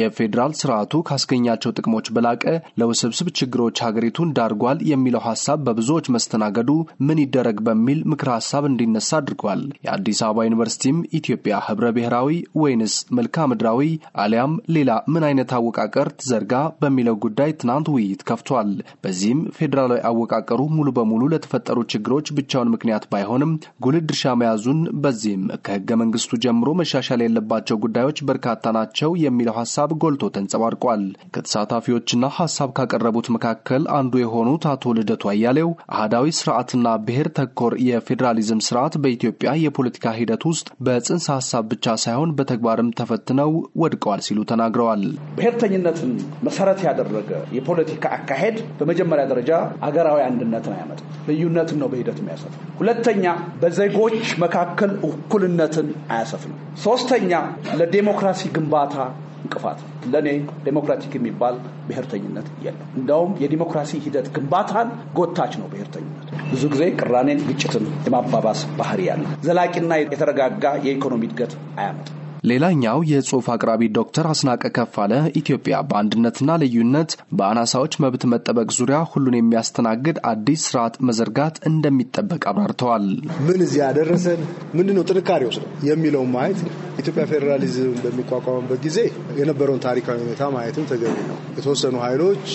የፌዴራል ስርዓቱ ካስገኛቸው ጥቅሞች በላቀ ለውስብስብ ችግሮች ሀገሪቱን ዳርጓል የሚለው ሀሳብ በብዙዎች መስተናገዱ ምን ይደረግ በሚል ምክር ሀሳብ እንዲነሳ አድርጓል። የአዲስ አበባ ዩኒቨርሲቲም ኢትዮጵያ ህብረ ብሔራዊ ወይንስ መልክዓ ምድራዊ አሊያም ሌላ ምን አይነት አወቃቀር ትዘርጋ በሚለው ጉዳይ ትናንት ውይይት ከፍቷል። በዚህም ፌዴራላዊ አወቃቀሩ ሙሉ በሙሉ ለተፈጠሩ ችግሮች ብቻውን ምክንያት ባይሆንም ጉልህ ድርሻ መያዙን፣ በዚህም ከህገ መንግስቱ ጀምሮ መሻሻል የለባቸው ጉዳዮች በርካታ ናቸው የሚለው ሀሳብ ሀሳብ ጎልቶ ተንጸባርቋል። ከተሳታፊዎችና ሀሳብ ካቀረቡት መካከል አንዱ የሆኑት አቶ ልደቱ አያሌው አህዳዊ ስርዓትና ብሔር ተኮር የፌዴራሊዝም ስርዓት በኢትዮጵያ የፖለቲካ ሂደት ውስጥ በጽንሰ ሀሳብ ብቻ ሳይሆን በተግባርም ተፈትነው ወድቀዋል ሲሉ ተናግረዋል። ብሔርተኝነትን መሰረት ያደረገ የፖለቲካ አካሄድ በመጀመሪያ ደረጃ አገራዊ አንድነትን አያመጣም። ልዩነትን ነው በሂደት የሚያሰፍ። ሁለተኛ በዜጎች መካከል እኩልነትን አያሰፍንም። ሶስተኛ ለዴሞክራሲ ግንባታ እንቅፋት ነው። ለእኔ ዴሞክራቲክ የሚባል ብሔርተኝነት የለም። እንደውም የዲሞክራሲ ሂደት ግንባታን ጎታች ነው ብሔርተኝነት። ብዙ ጊዜ ቅራኔን፣ ግጭትን የማባባስ ባህሪ ያለ ዘላቂና የተረጋጋ የኢኮኖሚ እድገት አያመጣም። ሌላኛው የጽሑፍ አቅራቢ ዶክተር አስናቀ ከፋለ ኢትዮጵያ በአንድነትና ልዩነት በአናሳዎች መብት መጠበቅ ዙሪያ ሁሉን የሚያስተናግድ አዲስ ስርዓት መዘርጋት እንደሚጠበቅ አብራርተዋል። ምን እዚያ ያደረሰን ምንድነው ጥንካሬ ወስደ የሚለው ማየት ነው ኢትዮጵያ ፌዴራሊዝም በሚቋቋምበት ጊዜ የነበረውን ታሪካዊ ሁኔታ ማየትም ተገቢ ነው። የተወሰኑ ኃይሎች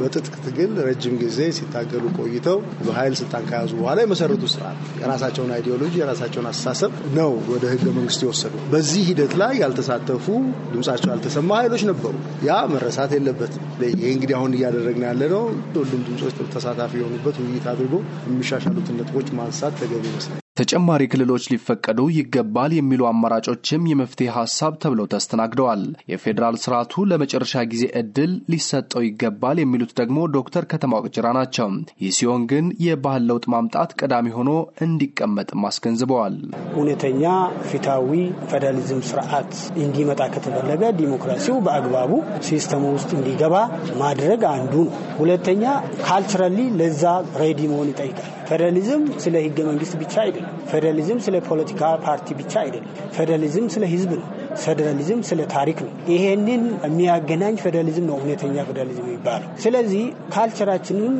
በትጥቅ ትግል ረጅም ጊዜ ሲታገሉ ቆይተው በኃይል ስልጣን ከያዙ በኋላ የመሰረቱ ስርዓት የራሳቸውን አይዲዮሎጂ የራሳቸውን አስተሳሰብ ነው ወደ ህገ መንግስት የወሰዱ። በዚህ ሂደት ላይ ያልተሳተፉ ድምጻቸው ያልተሰማ ኃይሎች ነበሩ። ያ መረሳት የለበትም። ይሄ እንግዲህ አሁን እያደረግን ያለ ነው። ሁሉም ድምጾች ተሳታፊ የሆኑበት ውይይት አድርጎ የሚሻሻሉትን ነጥቦች ማንሳት ተገቢ ይመስላል። ተጨማሪ ክልሎች ሊፈቀዱ ይገባል የሚሉ አማራጮችም የመፍትሄ ሀሳብ ተብለው ተስተናግደዋል። የፌዴራል ስርዓቱ ለመጨረሻ ጊዜ እድል ሊሰጠው ይገባል የሚሉት ደግሞ ዶክተር ከተማ ቅጅራ ናቸው። ይህ ሲሆን ግን የባህል ለውጥ ማምጣት ቀዳሚ ሆኖ እንዲቀመጥም አስገንዝበዋል። እውነተኛ ፊታዊ ፌዴራሊዝም ስርዓት እንዲመጣ ከተፈለገ ዲሞክራሲው በአግባቡ ሲስተሙ ውስጥ እንዲገባ ማድረግ አንዱ ነው። ሁለተኛ ካልቸራሊ ለዛ ሬዲ መሆን ይጠይቃል። ፌዴራሊዝም ስለ ህገ መንግስት ብቻ አይደለም። ፌዴራሊዝም ስለ ፖለቲካ ፓርቲ ብቻ አይደለም። ፌዴራሊዝም ስለ ህዝብ ነው። ፌዴራሊዝም ስለ ታሪክ ነው። ይሄንን የሚያገናኝ ፌዴራሊዝም ነው እውነተኛ ፌዴራሊዝም የሚባለው። ስለዚህ ካልቸራችንን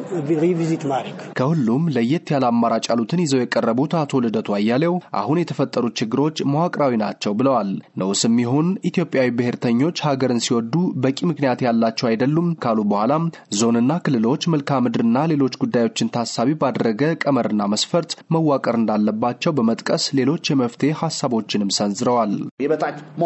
ሪቪዚት ማድረግ ከሁሉም ለየት ያለ አማራጭ ያሉትን ይዘው የቀረቡት አቶ ልደቱ አያሌው አሁን የተፈጠሩት ችግሮች መዋቅራዊ ናቸው ብለዋል። ነውስም ይሁን ኢትዮጵያዊ ብሔርተኞች ሀገርን ሲወዱ በቂ ምክንያት ያላቸው አይደሉም ካሉ በኋላም ዞንና ክልሎች መልክዓ ምድርና ሌሎች ጉዳዮችን ታሳቢ ባደረገ ቀመርና መስፈርት መዋቀር እንዳለባቸው በመጥቀስ ሌሎች የመፍትሄ ሀሳቦችንም ሰንዝረዋል።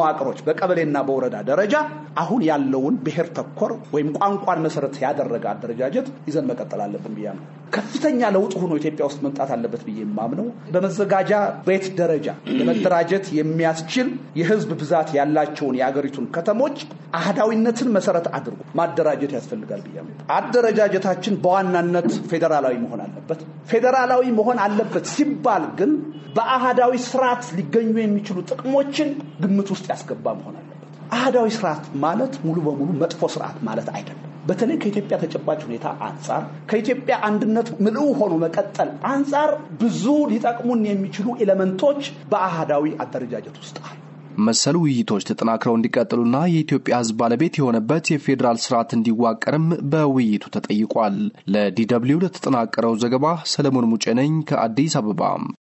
መዋቅሮች በቀበሌና በወረዳ ደረጃ አሁን ያለውን ብሔር ተኮር ወይም ቋንቋን መሰረት ያደረገ አደረጃጀት ይዘን መቀጠል አለብን ብያ ነው። ከፍተኛ ለውጥ ሆኖ ኢትዮጵያ ውስጥ መምጣት አለበት ብዬ የማምነው በመዘጋጃ ቤት ደረጃ ለመደራጀት የሚያስችል የህዝብ ብዛት ያላቸውን የአገሪቱን ከተሞች አህዳዊነትን መሰረት አድርጎ ማደራጀት ያስፈልጋል ብያ አደረጃጀታችን በዋናነት ፌዴራላዊ መሆን አለበት። ፌዴራላዊ መሆን አለበት ሲባል ግን በአህዳዊ ስርዓት ሊገኙ የሚችሉ ጥቅሞችን ግምት ውስጥ ያስገባ መሆን አለበት። አህዳዊ ስርዓት ማለት ሙሉ በሙሉ መጥፎ ስርዓት ማለት አይደለም። በተለይ ከኢትዮጵያ ተጨባጭ ሁኔታ አንጻር ከኢትዮጵያ አንድነት ምልኡ ሆኖ መቀጠል አንጻር ብዙ ሊጠቅሙን የሚችሉ ኤሌመንቶች በአህዳዊ አደረጃጀት ውስጥ አሉ። መሰል ውይይቶች ተጠናክረው እንዲቀጥሉና የኢትዮጵያ ሕዝብ ባለቤት የሆነበት የፌዴራል ስርዓት እንዲዋቀርም በውይይቱ ተጠይቋል። ለዲደብሊው ለተጠናቀረው ዘገባ ሰለሞን ሙጬ ነኝ ከአዲስ አበባ።